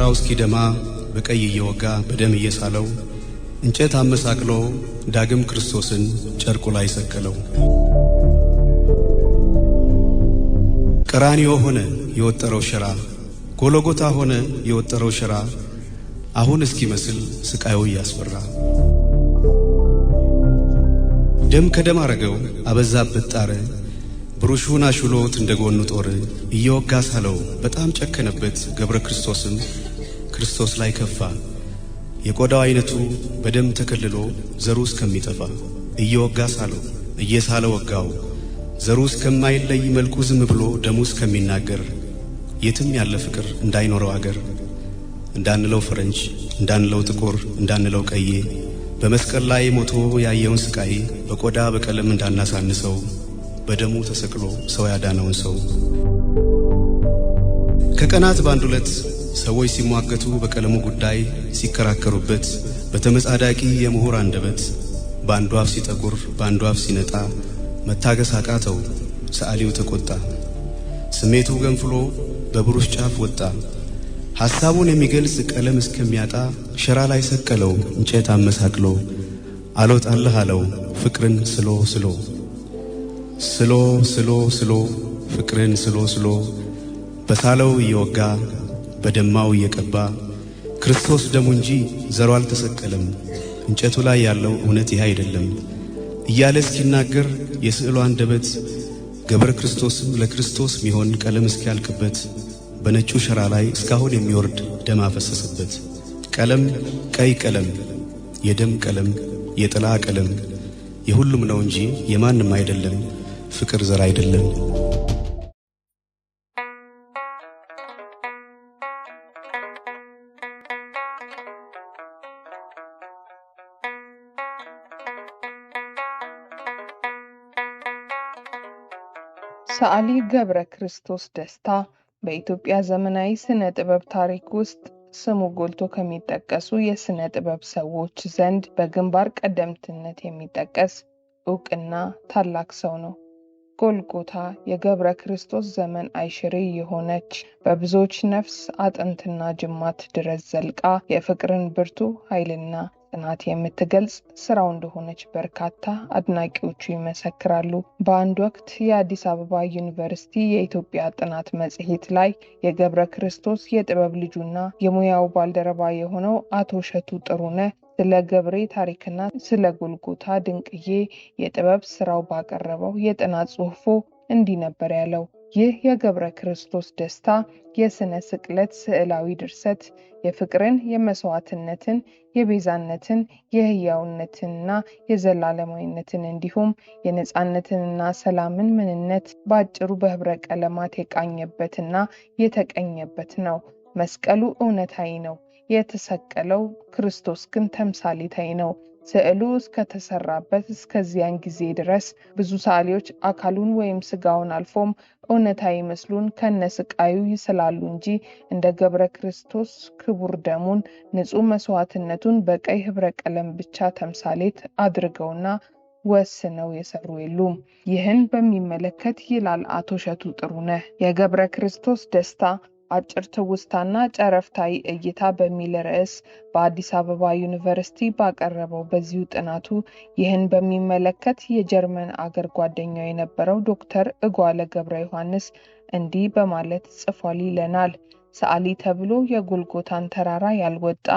እስኪ እስኪደማ በቀይ እየወጋ በደም እየሳለው እንጨት አመሳቅሎ ዳግም ክርስቶስን ጨርቁ ላይ ሰቀለው። ቀራንዮ ሆነ የወጠረው ሸራ፣ ጎሎጎታ ሆነ የወጠረው ሸራ። አሁን እስኪመስል ስቃዩ እያስፈራ ደም ከደም አረገው አበዛበት ጣረ ብሩሹን አሽሎት እንደ ጎኑ ጦር እየወጋ ሳለው በጣም ጨከነበት ገብረ ክርስቶስም ክርስቶስ ላይ ከፋ። የቆዳው አይነቱ በደም ተከልሎ ዘሩ እስከሚጠፋ እየወጋ ሳለው እየሳለ ወጋው ዘሩ እስከማይለይ መልኩ ዝም ብሎ ደሙ እስከሚናገር የትም ያለ ፍቅር እንዳይኖረው አገር እንዳንለው ፈረንጅ እንዳንለው ጥቁር እንዳንለው ቀዬ በመስቀል ላይ ሞቶ ያየውን ስቃይ በቆዳ በቀለም እንዳናሳንሰው በደሙ ተሰቅሎ ሰው ያዳነውን ሰው ከቀናት በአንድ ዕለት ሰዎች ሲሟገቱ በቀለሙ ጉዳይ ሲከራከሩበት፣ በተመጻዳቂ የምሁር አንደበት በአንዱ አፍ ሲጠቁር በአንዱ አፍ ሲነጣ መታገስ አቃተው ሰዓሊው ተቆጣ። ስሜቱ ገንፍሎ በብሩሽ ጫፍ ወጣ። ሐሳቡን የሚገልጽ ቀለም እስከሚያጣ ሸራ ላይ ሰቀለው እንጨት አመሳቅሎ አልወጣልህ አለው ፍቅርን ስሎ ስሎ ስሎ ስሎ ስሎ ፍቅርን ስሎ ስሎ በሳለው እየወጋ በደማው እየቀባ ክርስቶስ ደሙ እንጂ ዘሮ አልተሰቀለም፣ እንጨቱ ላይ ያለው እውነት ይህ አይደለም እያለ እስኪናገር የስዕሉ አንደበት ገብረ ክርስቶስም ለክርስቶስ የሚሆን ቀለም እስኪያልቅበት በነጩ ሸራ ላይ እስካሁን የሚወርድ ደም አፈሰሰበት። ቀለም ቀይ ቀለም፣ የደም ቀለም፣ የጥላ ቀለም የሁሉም ነው እንጂ የማንም አይደለም። ፍቅር ዘር አይደለም። ሰዓሊ ገብረ ክርስቶስ ደስታ በኢትዮጵያ ዘመናዊ ስነ ጥበብ ታሪክ ውስጥ ስሙ ጎልቶ ከሚጠቀሱ የስነ ጥበብ ሰዎች ዘንድ በግንባር ቀደምትነት የሚጠቀስ እውቅና ታላቅ ሰው ነው። ጎልጎታ የገብረ ክርስቶስ ዘመን አይሽሬ የሆነች በብዙዎች ነፍስ አጥንትና ጅማት ድረስ ዘልቃ የፍቅርን ብርቱ ኃይልና ጽናት የምትገልጽ ስራው እንደሆነች በርካታ አድናቂዎቹ ይመሰክራሉ። በአንድ ወቅት የአዲስ አበባ ዩኒቨርሲቲ የኢትዮጵያ ጥናት መጽሔት ላይ የገብረ ክርስቶስ የጥበብ ልጁና የሙያው ባልደረባ የሆነው አቶ እሸቱ ጥሩነ። ስለ ገብሬ ታሪክና ስለ ጎልጎታ ድንቅዬ የጥበብ ስራው ባቀረበው የጥናት ጽሑፉ እንዲህ ነበር ያለው። ይህ የገብረ ክርስቶስ ደስታ የሥነ ስቅለት ስዕላዊ ድርሰት የፍቅርን፣ የመሥዋዕትነትን፣ የቤዛነትን፣ የሕያውነትንና የዘላለማዊነትን እንዲሁም የነፃነትንና ሰላምን ምንነት በአጭሩ በኅብረ ቀለማት የቃኘበትና የተቀኘበት ነው። መስቀሉ እውነታዊ ነው፣ የተሰቀለው ክርስቶስ ግን ተምሳሌታዊ ነው። ስዕሉ እስከተሰራበት እስከዚያን ጊዜ ድረስ ብዙ ሰዓሊዎች አካሉን ወይም ስጋውን አልፎም እውነታ ይመስሉን ከነስቃዩ ይስላሉ እንጂ እንደ ገብረ ክርስቶስ ክቡር ደሙን ንጹህ መስዋዕትነቱን በቀይ ህብረ ቀለም ብቻ ተምሳሌት አድርገውና ወስነው የሰሩ የሉም። ይህን በሚመለከት ይላል አቶ እሸቱ ጥሩነህ የገብረ ክርስቶስ ደስታ አጭር ትውስታና ጨረፍታዊ እይታ በሚል ርዕስ በአዲስ አበባ ዩኒቨርሲቲ ባቀረበው በዚሁ ጥናቱ ይህን በሚመለከት የጀርመን አገር ጓደኛው የነበረው ዶክተር እጓለ ገብረ ዮሐንስ እንዲህ በማለት ጽፏል ይለናል። ሰዓሊ ተብሎ የጎልጎታን ተራራ ያልወጣ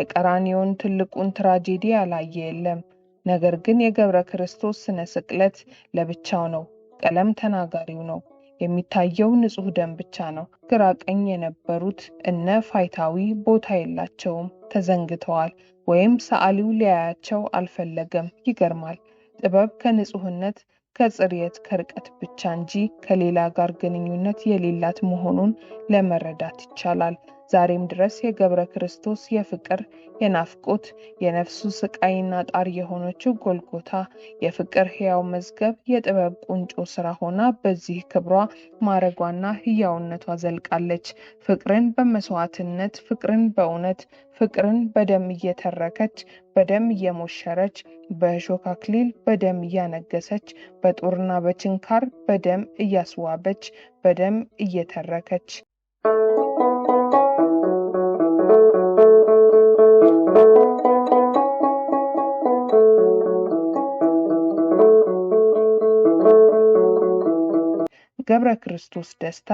የቀራኒዮን ትልቁን ትራጄዲ ያላየ የለም። ነገር ግን የገብረ ክርስቶስ ስነ ስቅለት ለብቻው ነው፣ ቀለም ተናጋሪው ነው። የሚታየው ንጹህ ደም ብቻ ነው። ግራ ቀኝ የነበሩት እነ ፋይታዊ ቦታ የላቸውም፣ ተዘንግተዋል፣ ወይም ሰዓሊው ሊያያቸው አልፈለገም። ይገርማል። ጥበብ ከንጹህነት ከጽርየት ከርቀት ብቻ እንጂ ከሌላ ጋር ግንኙነት የሌላት መሆኑን ለመረዳት ይቻላል። ዛሬም ድረስ የገብረ ክርስቶስ የፍቅር የናፍቆት የነፍሱ ስቃይና ጣር የሆነችው ጎልጎታ የፍቅር ሕያው መዝገብ የጥበብ ቁንጮ ስራ ሆና በዚህ ክብሯ ማረጓና ሕያውነቷ ዘልቃለች። ፍቅርን በመስዋዕትነት ፍቅርን በእውነት ፍቅርን በደም እየተረከች በደም እየሞሸረች በእሾህ አክሊል በደም እያነገሰች በጦርና በችንካር በደም እያስዋበች በደም እየተረከች ገብረ ክርስቶስ ደስታ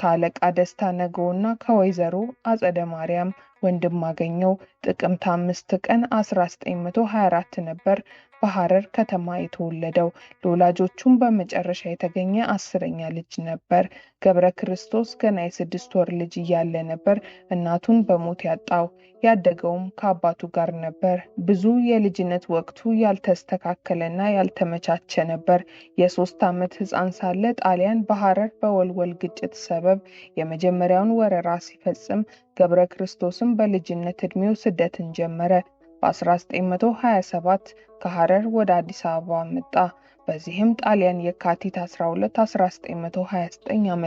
ከአለቃ ደስታ ነገውና ከወይዘሮ አጸደ ማርያም ወንድም አገኘው ጥቅምት አምስት ቀን 1924 ነበር በሐረር ከተማ የተወለደው ለወላጆቹም በመጨረሻ የተገኘ አስረኛ ልጅ ነበር። ገብረ ክርስቶስ ገና የስድስት ወር ልጅ እያለ ነበር እናቱን በሞት ያጣው። ያደገውም ከአባቱ ጋር ነበር። ብዙ የልጅነት ወቅቱ ያልተስተካከለና ያልተመቻቸ ነበር። የሶስት ዓመት ህፃን ሳለ ጣሊያን በሐረር በወልወል ግጭት ሰበብ የመጀመሪያውን ወረራ ሲፈጽም ገብረ ክርስቶስም በልጅነት ዕድሜው ስደትን ጀመረ። በ1927 ከሐረር ወደ አዲስ አበባ መጣ። በዚህም ጣሊያን የካቲት 12 1929 ዓ.ም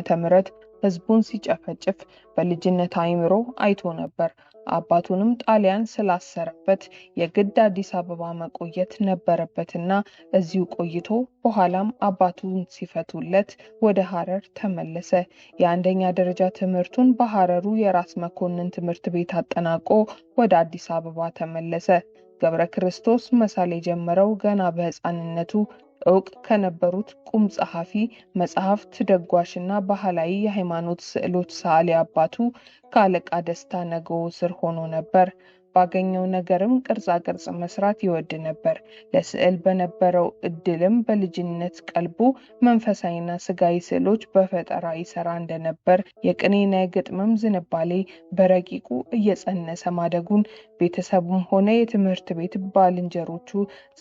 ህዝቡን ሲጨፈጭፍ በልጅነት አይምሮ አይቶ ነበር። አባቱንም ጣሊያን ስላሰረበት የግድ አዲስ አበባ መቆየት ነበረበትና እዚሁ ቆይቶ በኋላም አባቱን ሲፈቱለት ወደ ሀረር ተመለሰ። የአንደኛ ደረጃ ትምህርቱን በሀረሩ የራስ መኮንን ትምህርት ቤት አጠናቆ ወደ አዲስ አበባ ተመለሰ። ገብረ ክርስቶስ መሳል የጀመረው ገና በሕፃንነቱ እውቅ ከነበሩት ቁም ጸሐፊ መጽሐፍት ደጓሽና ባህላዊ የሃይማኖት ስዕሎች ሰዓሊ አባቱ ከአለቃ ደስታ ነገዎ ስር ሆኖ ነበር። ባገኘው ነገርም ቅርጻ ቅርጽ መስራት ይወድ ነበር። ለስዕል በነበረው እድልም በልጅነት ቀልቡ መንፈሳዊና ስጋዊ ስዕሎች በፈጠራ ይሰራ እንደነበር የቅኔና የግጥምም ዝንባሌ በረቂቁ እየጸነሰ ማደጉን ቤተሰቡም ሆነ የትምህርት ቤት ባልንጀሮቹ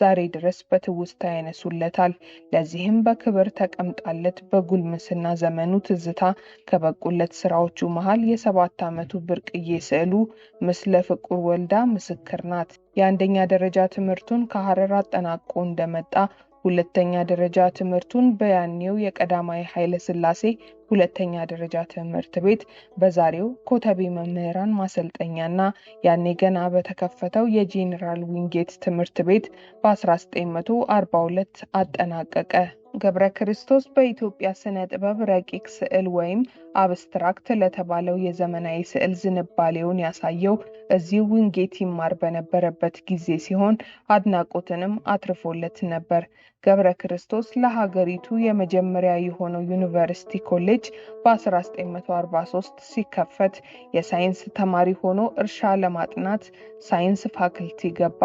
ዛሬ ድረስ በትውስታ ያነሱለታል። ለዚህም በክብር ተቀምጣለት በጉልምስና ዘመኑ ትዝታ ከበቁለት ስራዎቹ መሃል የሰባት ዓመቱ ብርቅዬ ስዕሉ ምስለ ፍቁር ወልዳ ምስክር ናት። የአንደኛ ደረጃ ትምህርቱን ከሐረር አጠናቆ እንደመጣ ሁለተኛ ደረጃ ትምህርቱን በያኔው የቀዳማዊ ኃይለ ሥላሴ ሁለተኛ ደረጃ ትምህርት ቤት በዛሬው ኮተቤ መምህራን ማሰልጠኛና ያኔ ገና በተከፈተው የጄኔራል ዊንጌት ትምህርት ቤት በ1942 አጠናቀቀ። ገብረ ክርስቶስ በኢትዮጵያ ስነ ጥበብ ረቂቅ ስዕል ወይም አብስትራክት ለተባለው የዘመናዊ ስዕል ዝንባሌውን ያሳየው እዚሁ ዊንጌት ይማር በነበረበት ጊዜ ሲሆን አድናቆትንም አትርፎለት ነበር። ገብረ ክርስቶስ ለሀገሪቱ የመጀመሪያ የሆነው ዩኒቨርሲቲ ኮሌጅ በ1943 ሲከፈት የሳይንስ ተማሪ ሆኖ እርሻ ለማጥናት ሳይንስ ፋክልቲ ገባ።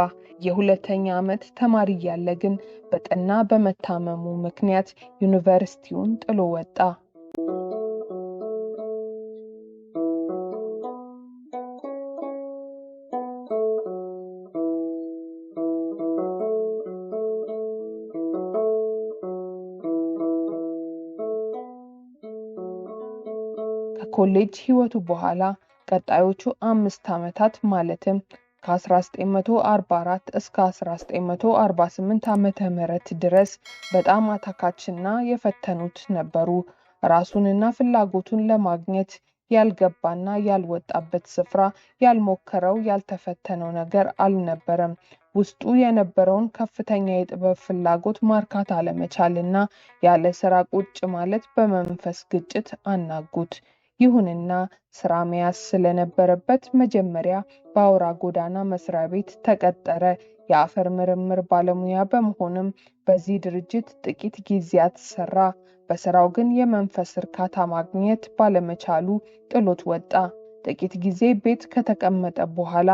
የሁለተኛ ዓመት ተማሪ እያለ ግን በጠና በመታመሙ ምክንያት ዩኒቨርሲቲውን ጥሎ ወጣ። ከኮሌጅ ህይወቱ በኋላ ቀጣዮቹ አምስት ዓመታት ማለትም ከ1944 እስከ 1948 ም ድረስ በጣም አታካችና የፈተኑት ነበሩ። ራሱንና ፍላጎቱን ለማግኘት ያልገባና ያልወጣበት ስፍራ፣ ያልሞከረው ያልተፈተነው ነገር አልነበረም። ውስጡ የነበረውን ከፍተኛ የጥበብ ፍላጎት ማርካት አለመቻልና ያለ ስራ ቁጭ ማለት በመንፈስ ግጭት አናጉት። ይሁንና ስራ መያዝ ስለነበረበት መጀመሪያ በአውራ ጎዳና መስሪያ ቤት ተቀጠረ። የአፈር ምርምር ባለሙያ በመሆንም በዚህ ድርጅት ጥቂት ጊዜያት ሰራ። በስራው ግን የመንፈስ እርካታ ማግኘት ባለመቻሉ ጥሎት ወጣ። ጥቂት ጊዜ ቤት ከተቀመጠ በኋላ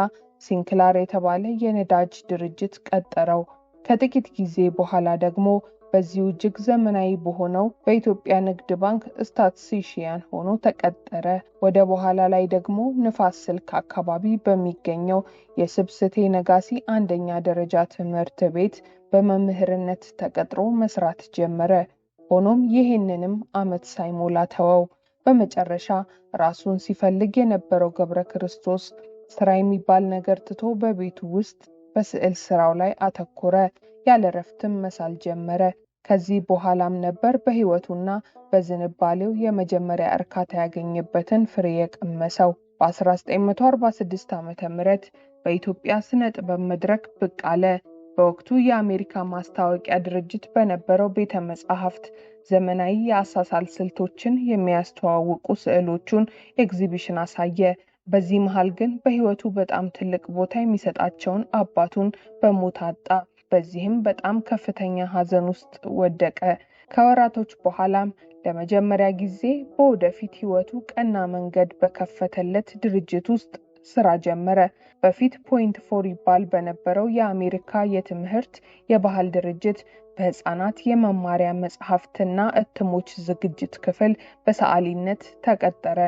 ሲንክላር የተባለ የነዳጅ ድርጅት ቀጠረው። ከጥቂት ጊዜ በኋላ ደግሞ በዚሁ እጅግ ዘመናዊ በሆነው በኢትዮጵያ ንግድ ባንክ ስታትሲሽያን ሆኖ ተቀጠረ። ወደ በኋላ ላይ ደግሞ ንፋስ ስልክ አካባቢ በሚገኘው የስብስቴ ነጋሲ አንደኛ ደረጃ ትምህርት ቤት በመምህርነት ተቀጥሮ መስራት ጀመረ። ሆኖም ይህንንም ዓመት ሳይሞላ ተወው። በመጨረሻ ራሱን ሲፈልግ የነበረው ገብረ ክርስቶስ ስራ የሚባል ነገር ትቶ በቤቱ ውስጥ በስዕል ስራው ላይ አተኮረ። ያለ እረፍትም መሳል ጀመረ። ከዚህ በኋላም ነበር በሕይወቱና በዝንባሌው የመጀመሪያ እርካታ ያገኘበትን ፍሬ የቀመሰው። በ1946 ዓ ም በኢትዮጵያ ስነ ጥበብ መድረክ ብቅ አለ። በወቅቱ የአሜሪካ ማስታወቂያ ድርጅት በነበረው ቤተ መጻሕፍት ዘመናዊ የአሳሳል ስልቶችን የሚያስተዋውቁ ስዕሎቹን ኤግዚቢሽን አሳየ። በዚህ መሃል ግን በሕይወቱ በጣም ትልቅ ቦታ የሚሰጣቸውን አባቱን በሞት አጣ። በዚህም በጣም ከፍተኛ ሐዘን ውስጥ ወደቀ። ከወራቶች በኋላም ለመጀመሪያ ጊዜ በወደፊት ሕይወቱ ቀና መንገድ በከፈተለት ድርጅት ውስጥ ስራ ጀመረ። በፊት ፖይንት ፎር ይባል በነበረው የአሜሪካ የትምህርት የባህል ድርጅት በህፃናት የመማሪያ መጽሐፍትና እትሞች ዝግጅት ክፍል በሰዓሊነት ተቀጠረ።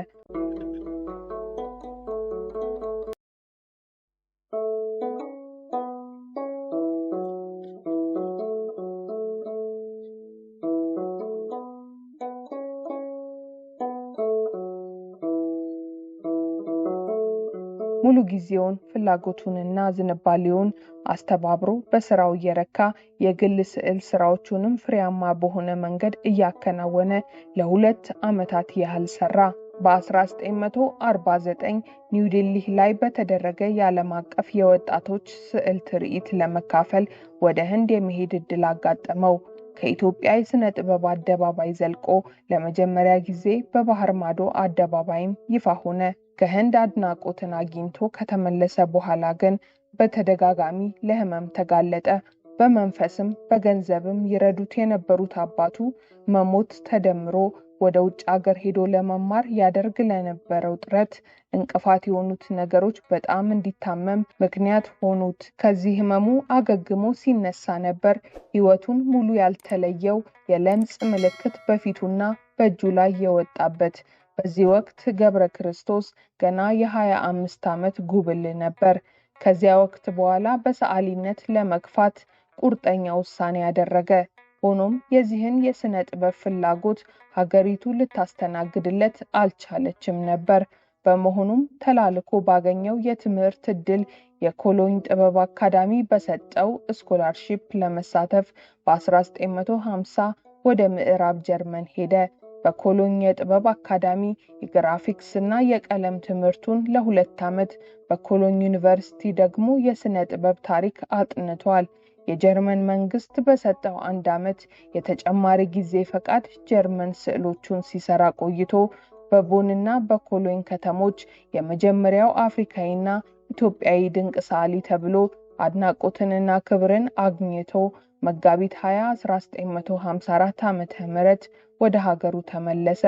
ጊዜውን ፍላጎቱንና ዝንባሌውን አስተባብሮ በስራው እየረካ የግል ስዕል ስራዎቹንም ፍሬያማ በሆነ መንገድ እያከናወነ ለሁለት ዓመታት ያህል ሰራ። በ1949 ኒውዴልሂ ላይ በተደረገ የዓለም አቀፍ የወጣቶች ስዕል ትርኢት ለመካፈል ወደ ህንድ የመሄድ ዕድል አጋጠመው። ከኢትዮጵያ የሥነ ጥበብ አደባባይ ዘልቆ ለመጀመሪያ ጊዜ በባህር ማዶ አደባባይም ይፋ ሆነ። ከህንድ አድናቆትን አግኝቶ ከተመለሰ በኋላ ግን በተደጋጋሚ ለህመም ተጋለጠ። በመንፈስም በገንዘብም ይረዱት የነበሩት አባቱ መሞት ተደምሮ ወደ ውጭ አገር ሄዶ ለመማር ያደርግ ለነበረው ጥረት እንቅፋት የሆኑት ነገሮች በጣም እንዲታመም ምክንያት ሆኑት። ከዚህ ህመሙ አገግሞ ሲነሳ ነበር ህይወቱን ሙሉ ያልተለየው የለምጽ ምልክት በፊቱና በእጁ ላይ የወጣበት። በዚህ ወቅት ገብረ ክርስቶስ ገና የ25 ዓመት ጉብል ነበር። ከዚያ ወቅት በኋላ በሰዓሊነት ለመግፋት ቁርጠኛ ውሳኔ ያደረገ። ሆኖም የዚህን የሥነ ጥበብ ፍላጎት ሀገሪቱ ልታስተናግድለት አልቻለችም ነበር። በመሆኑም ተላልኮ ባገኘው የትምህርት ዕድል የኮሎኝ ጥበብ አካዳሚ በሰጠው ስኮላርሺፕ ለመሳተፍ በ1950 ወደ ምዕራብ ጀርመን ሄደ። በኮሎኝ የጥበብ አካዳሚ የግራፊክስ እና የቀለም ትምህርቱን ለሁለት ዓመት በኮሎኝ ዩኒቨርሲቲ ደግሞ የሥነ ጥበብ ታሪክ አጥንቷል። የጀርመን መንግስት በሰጠው አንድ ዓመት የተጨማሪ ጊዜ ፈቃድ ጀርመን ስዕሎቹን ሲሰራ ቆይቶ በቦንና በኮሎኝ ከተሞች የመጀመሪያው አፍሪካዊና ኢትዮጵያዊ ድንቅ ሰዓሊ ተብሎ አድናቆትንና ክብርን አግኝቶ መጋቢት 20 1954 ዓ ም ወደ ሀገሩ ተመለሰ።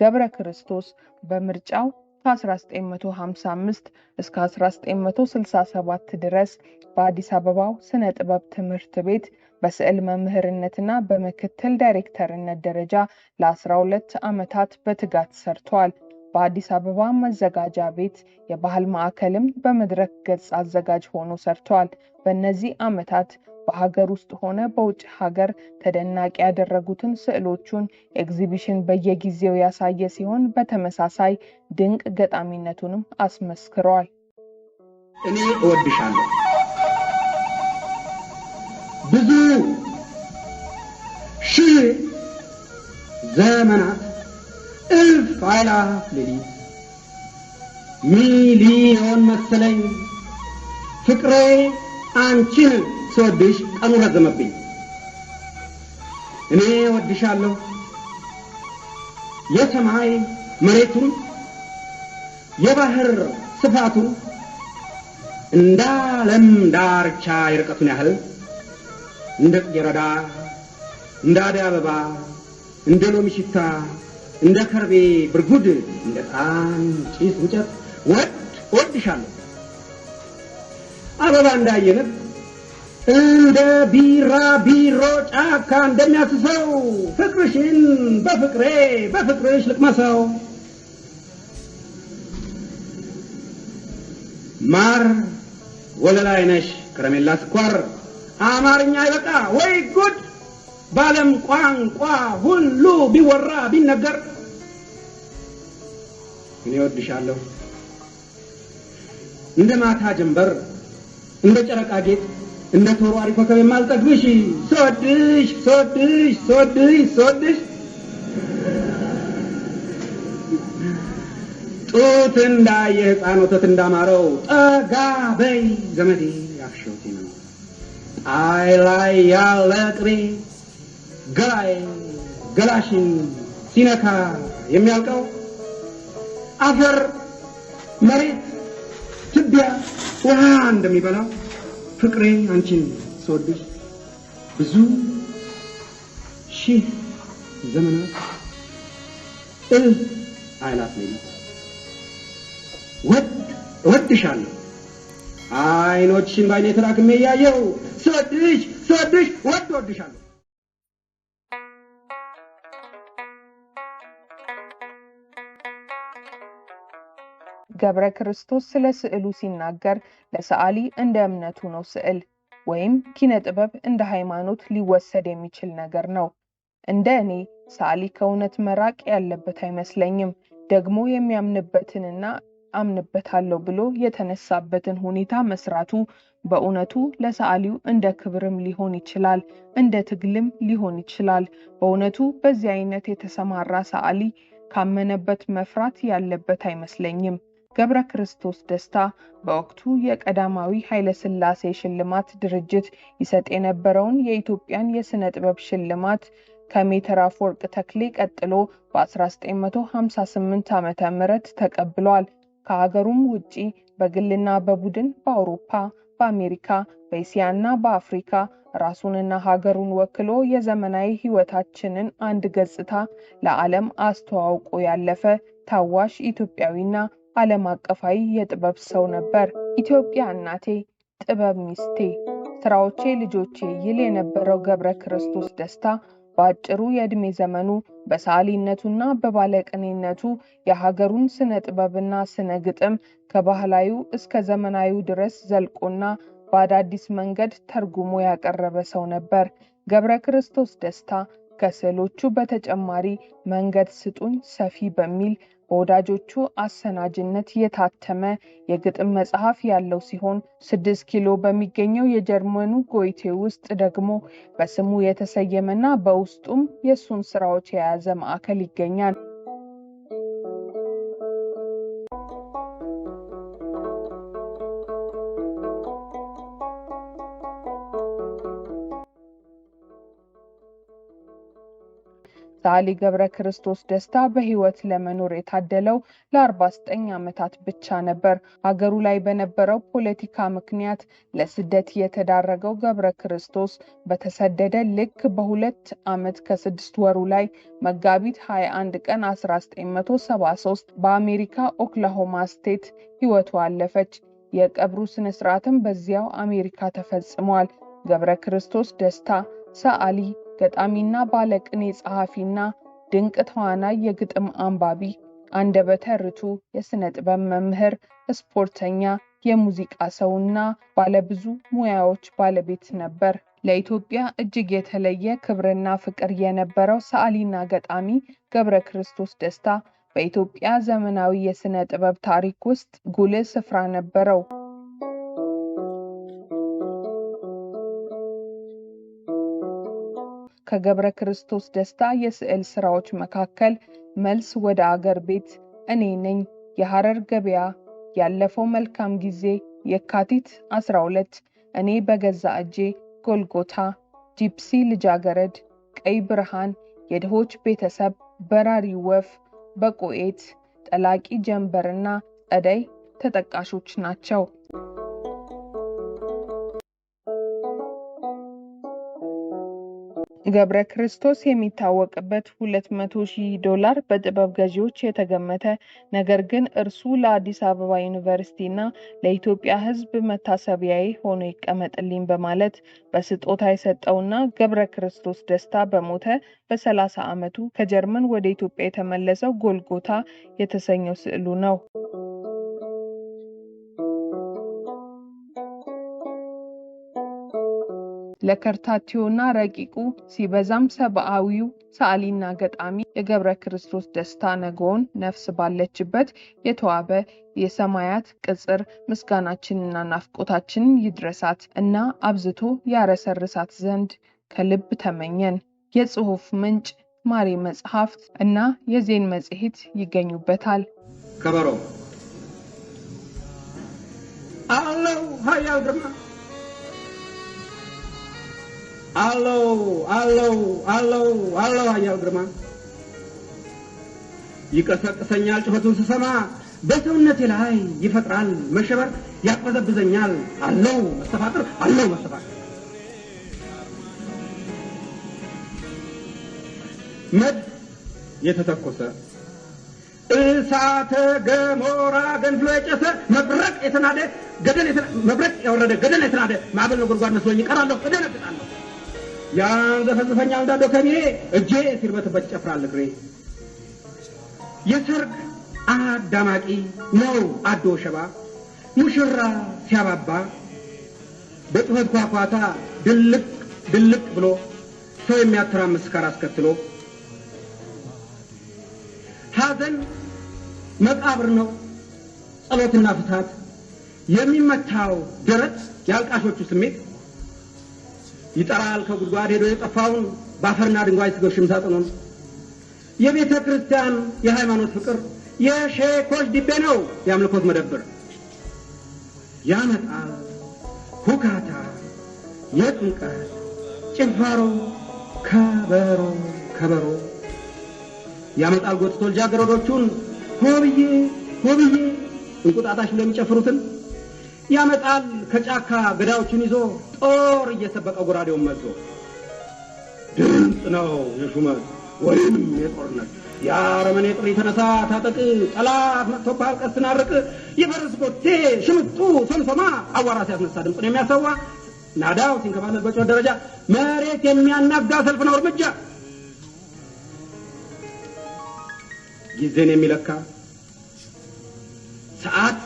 ገብረ ክርስቶስ በምርጫው ከ1955 እስከ 1967 ድረስ በአዲስ አበባው ስነ ጥበብ ትምህርት ቤት በስዕል መምህርነትና በምክትል ዳይሬክተርነት ደረጃ ለ12 ዓመታት በትጋት ሰርቷል። በአዲስ አበባ መዘጋጃ ቤት የባህል ማዕከልም በመድረክ ገጽ አዘጋጅ ሆኖ ሰርቷል። በእነዚህ ዓመታት በሀገር ውስጥ ሆነ በውጭ ሀገር ተደናቂ ያደረጉትን ስዕሎቹን ኤግዚቢሽን በየጊዜው ያሳየ ሲሆን በተመሳሳይ ድንቅ ገጣሚነቱንም አስመስክረዋል። እኔ እወድሻለሁ ብዙ ሺህ ዘመናት እልፍ አእላፍ ሌሊት ሚሊዮን መሰለኝ ፍቅሬ አንቺን ስወድሽ ቀኑ ረዘመብኝ። እኔ ወድሻለሁ የሰማይ መሬቱን የባህር ስፋቱ እንደ ዓለም ዳርቻ የርቀቱን ያህል እንደ ጽጌረዳ፣ እንደ አደይ አበባ፣ እንደ ሎሚ ሽታ፣ እንደ ከርቤ ብርጉድ፣ እንደ ጣን ጭስ እንጨት ወድ ወድሻለሁ አበባ እንዳየነት እንደ ቢራቢሮ ጫካ እንደሚያስሰው ፍቅርሽን በፍቅሬ በፍቅርሽ ልቅመሰው። ማር ወለላ አይነሽ ከረሜላ ስኳር አማርኛ ይበቃ ወይ ጉድ! በዓለም ቋንቋ ሁሉ ቢወራ ቢነገር እኔ እወድሻለሁ እንደ ማታ ጀንበር እንደ ጨረቃ ጌጥ እንደ ቶሮ ኮከብ ከማልጠግብሽ ስወድሽ ስወድሽ ስወድሽ ስወድሽ ጡት እንዳ የህፃን ወተት እንዳማረው ጠጋ በይ ዘመዴ አፍሸውቴ ነው ጣይ ላይ ያለ ቅቤ ገላይ ገላሽን ሲነካ የሚያልቀው አፈር መሬት ትቢያ ውሃ እንደሚበላው ፍቅሬ አንቺን ስወድሽ ብዙ ሺህ ዘመናት እል አይላት ነ ወድ እወድሻለሁ አይኖችሽን ባይኔ ተራክሜ እያየሁ ስወድሽ ስወድሽ ወድ እወድሻለሁ ገብረ ክርስቶስ ስለ ስዕሉ ሲናገር ለሰዓሊ እንደ እምነቱ ነው ስዕል ወይም ኪነ ጥበብ እንደ ሃይማኖት ሊወሰድ የሚችል ነገር ነው። እንደ እኔ ሰዓሊ ከእውነት መራቅ ያለበት አይመስለኝም። ደግሞ የሚያምንበትንና አምንበታለሁ ብሎ የተነሳበትን ሁኔታ መስራቱ በእውነቱ ለሰዓሊው እንደ ክብርም ሊሆን ይችላል፣ እንደ ትግልም ሊሆን ይችላል። በእውነቱ በዚህ አይነት የተሰማራ ሰዓሊ ካመነበት መፍራት ያለበት አይመስለኝም። ገብረ ክርስቶስ ደስታ በወቅቱ የቀዳማዊ ኃይለ ሥላሴ ሽልማት ድርጅት ይሰጥ የነበረውን የኢትዮጵያን የሥነ ጥበብ ሽልማት ከሜትር አፈወርቅ ተክሌ ቀጥሎ በ1958 ዓ ም ተቀብሏል። ከሀገሩም ውጪ በግልና በቡድን በአውሮፓ፣ በአሜሪካ፣ ና በአፍሪካ ራሱንና ሀገሩን ወክሎ የዘመናዊ ሕይወታችንን አንድ ገጽታ ለዓለም አስተዋውቆ ያለፈ ታዋሽ ኢትዮጵያዊና ዓለም አቀፋዊ የጥበብ ሰው ነበር። ኢትዮጵያ እናቴ፣ ጥበብ ሚስቴ፣ ስራዎቼ ልጆቼ ይል የነበረው ገብረ ክርስቶስ ደስታ በአጭሩ የዕድሜ ዘመኑ በሰዓሊነቱና በባለቅኔነቱ የሀገሩን ስነ ጥበብና ስነ ግጥም ከባህላዊው እስከ ዘመናዊው ድረስ ዘልቆና በአዳዲስ መንገድ ተርጉሞ ያቀረበ ሰው ነበር። ገብረ ክርስቶስ ደስታ ከስዕሎቹ በተጨማሪ መንገድ ስጡኝ ሰፊ በሚል በወዳጆቹ አሰናጅነት የታተመ የግጥም መጽሐፍ ያለው ሲሆን ስድስት ኪሎ በሚገኘው የጀርመኑ ጎይቴ ውስጥ ደግሞ በስሙ የተሰየመና በውስጡም የእሱን ስራዎች የያዘ ማዕከል ይገኛል። ሰዓሊ ገብረ ክርስቶስ ደስታ በህይወት ለመኖር የታደለው ለ49 ዓመታት ብቻ ነበር። አገሩ ላይ በነበረው ፖለቲካ ምክንያት ለስደት የተዳረገው ገብረ ክርስቶስ በተሰደደ ልክ በሁለት ዓመት ከስድስት ወሩ ላይ መጋቢት 21 ቀን 1973 በአሜሪካ ኦክላሆማ ስቴት ህይወቱ አለፈች። የቀብሩ ስነስርዓትም በዚያው አሜሪካ ተፈጽሟል። ገብረ ክርስቶስ ደስታ ሰዓሊ ገጣሚና ባለቅኔ ጸሐፊና ድንቅ ተዋናይ፣ የግጥም አንባቢ፣ አንደበተ ርቱዕ የሥነ ጥበብ መምህር፣ ስፖርተኛ፣ የሙዚቃ ሰውና ባለብዙ ሙያዎች ባለቤት ነበር። ለኢትዮጵያ እጅግ የተለየ ክብርና ፍቅር የነበረው ሰዓሊና ገጣሚ ገብረ ክርስቶስ ደስታ በኢትዮጵያ ዘመናዊ የሥነ ጥበብ ታሪክ ውስጥ ጉልህ ስፍራ ነበረው። ከገብረ ክርስቶስ ደስታ የስዕል ስራዎች መካከል መልስ ወደ አገር ቤት፣ እኔ ነኝ፣ የሐረር ገበያ፣ ያለፈው መልካም ጊዜ፣ የካቲት 12፣ እኔ በገዛ እጄ፣ ጎልጎታ፣ ጂፕሲ ልጃገረድ፣ ቀይ ብርሃን፣ የድሆች ቤተሰብ፣ በራሪ ወፍ፣ በቆኤት፣ ጠላቂ ጀንበርና ጸደይ ተጠቃሾች ናቸው። ገብረ ክርስቶስ የሚታወቅበት 200 ሺህ ዶላር በጥበብ ገዢዎች የተገመተ ነገር ግን እርሱ ለአዲስ አበባ ዩኒቨርሲቲ ና ለኢትዮጵያ ሕዝብ መታሰቢያዬ ሆኖ ይቀመጥልኝ በማለት በስጦታ የሰጠውና ገብረ ክርስቶስ ደስታ በሞተ በሰላሳ ዓመቱ ከጀርመን ወደ ኢትዮጵያ የተመለሰው ጎልጎታ የተሰኘው ስዕሉ ነው። ለከርታቲውና ረቂቁ ሲበዛም ሰብአዊው ሰዓሊና ገጣሚ የገብረ ክርስቶስ ደስታ ነገውን ነፍስ ባለችበት የተዋበ የሰማያት ቅጽር ምስጋናችንና ናፍቆታችንን ይድረሳት እና አብዝቶ ያረሰርሳት ዘንድ ከልብ ተመኘን። የጽሑፍ ምንጭ ማሬ መጽሐፍት እና የዜን መጽሔት ይገኙበታል። ከበሮ አለው ሀያው አለው halo, አለው አለው አያው ግርማ ይቀሰቅሰኛል። ጩኸቱን ስሰማ በሰውነቴ ላይ ይፈጥራል መሸበር፣ ያቅበዘብዘኛል። አለው መስተፋቅር አለው መስተፋቅር መድ የተተኮሰ እሳተ ገሞራ ገንፍሎ የጨሰ መብረቅ የተናደ ገደል መብረቅ ያወረደ ገደል የተናደ ማዕበል ነጎድጓድ መስሎኝ ይቀራለሁ እደነግጣለሁ። ያን ዘፈዘፈኛ አንዳንዶ ከኔ እጄ ሲርበትበት ይጨፍራል እግሬ። የሰርግ አዳማቂ ነው አዶ ሸባ ሙሽራ ሲያባባ በጩኸት ኳኳታ ድልቅ ድልቅ ብሎ ሰው የሚያተራምስ ካር አስከትሎ ሐዘን መቃብር ነው ጸሎትና ፍትሃት የሚመታው ደረት የአልቃሾቹ ስሜት ይጠራል ከጉድጓድ ሄዶ የጠፋውን ባፈርና ድንጋይ ትጎሽም ሳጥኑን የቤተ ክርስቲያን የሃይማኖት ፍቅር የሼኮች ድቤ ነው የአምልኮት መደብር ያመጣል ሁካታ የጥንቀት ጭፋሮ ከበሮ ከበሮ ያመጣል ጎትቶ ልጃገረዶቹን ሆብዬ ሆብዬ እንቁጣጣሽ እንደሚጨፍሩትን ያመጣል ከጫካ ገዳዮችን ይዞ ጦር እየሰበቀ ጎራዴውን መጥቶ ድምፅ ነው የሹመት ወይም የጦርነት የአረመኔ ጥሪ ተነሳ ታጠቅ ጠላት መጥቶብሃል ቀስትን አርቅ የፈረስ ኮቴ ሽምጡ ሰምሶማ አዋራ ሲያስነሳ ነው የሚያሰዋ ናዳው ሲንከባለል በጮህ ደረጃ መሬት የሚያናጋ ሰልፍ ነው እርምጃ ጊዜን የሚለካ ሰዓት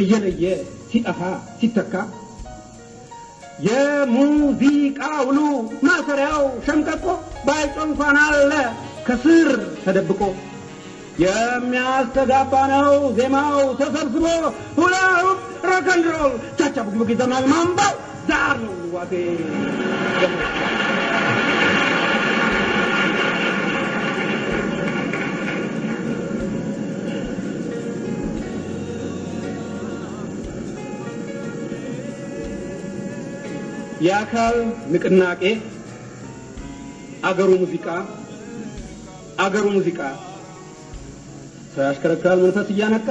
እየለየ ሲጠፋ ሲተካ የሙዚቃ ውሉ ማሰሪያው ሸምቀቆ ባይጮ እንኳን አለ ከስር ተደብቆ የሚያስተጋባ ነው ዜማው ተሰብስቦ ሁላሁም ሮከንድሮል ቻቻ ቡግቡጊ ዘማል ማምባው ዛር ዋቴ የአካል ንቅናቄ አገሩ ሙዚቃ አገሩ ሙዚቃ ሰው ያሽከረክራል መንፈስ እያነቃ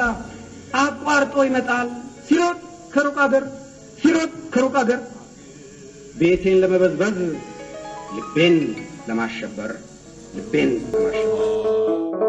አቋርጦ ይመጣል ሲሮጥ ከሩቅ አገር ሲሮጥ ከሩቅ አገር ቤቴን ለመበዝበዝ ልቤን ለማሸበር ልቤን ለማሸበር